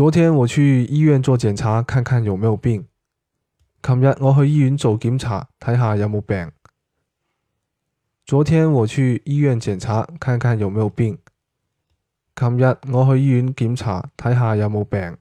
昨天，看看有有昨天我去醫院做檢查，看看有沒有病。琴日我去醫院做檢查，睇下有冇病。昨天我去醫院檢查，看看有沒有病。琴日我去醫院檢查，睇下有冇病。